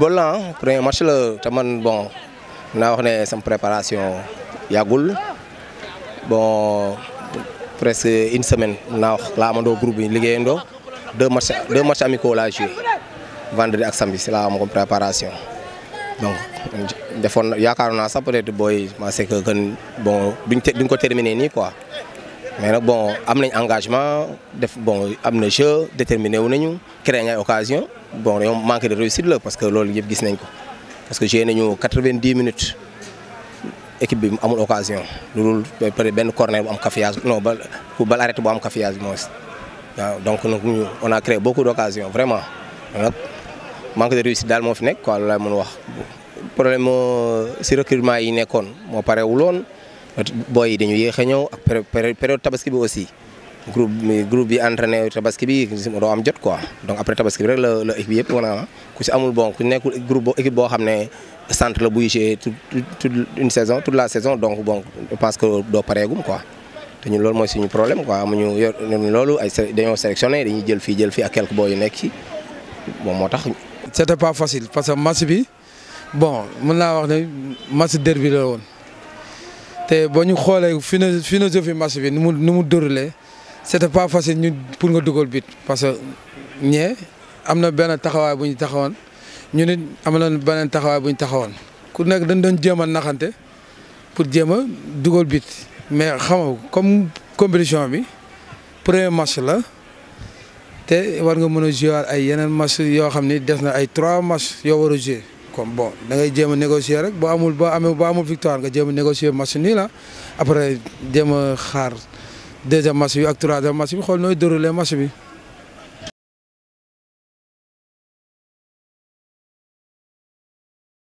football la ah premier match la te man bon naa wax ne sam préparation yàggul bon presque une semaine naa wax laa amandoo groupe bi liggéeyandoo deux matchs deux matchs amicaux laa joué vendredi ak samedi si laa am ko préparation donc defoon yaakaaroon naa sax peut-être booy bon c'est que gën bon duñ ko terminer nii quoi. mais bon am nañ engagement def bon am na jeu déterminé wu nañu créer une occasion bon on manque de réussite là parce que loolu yëpp gis nañ ko parce que j'ai eu 90 minutes et minutes équipe bi amul occasion loolu ben corner bu am non ba bal arrêté bu am cafouillage donc on a créé beaucoup d'occasions vraiment manque de réussite daal moo fi nekk quoi loolu laay mën wax problème si recrutement yi nekkoon moo l'on boy dañu yéex a ak période tabaski bi aussi groupe groupe bi entraîné tabaski bi do am jot quoi donc après tabaski bi rek le équipe yépp maanaam ku ci amul bon ku nekkul groupe équipe bo xamné centre la bu jouer toute une saison toute la saison donc bon je pense que doo pareegum quoi te ñun loolu mooy suñu problème quoi amuñu yor ay dañu sélectionné dañuy jël fi jël fi ak quelques boy yu nekk ci moom moo c'était pas facile parce que match bi bon mën naa wax né match derby la won te ba ñu xoolee philosophie match bi nu mu nu mu déroulé c'était pas facile ñu pour nga dugal bit parce que ñee am na benn taxawaay bu ñu taxawoon ñu nit am na beneen taxawaay bu ñu taxawoon ku nekk dañ doon jéem a naxante pour jéem a dugal but mais xam nga comme compétition bi premier match la te war nga mën a jouer ay yeneen match yoo xam ni des na ay trois match yoo war a jouer comme bon da ngay jema négocier rek bo amul bo amé bo amul victoire nga jéem négocier match nii la après jéem xaar deuxième match bi ak troisième match bi xool nooy dérouler match bi.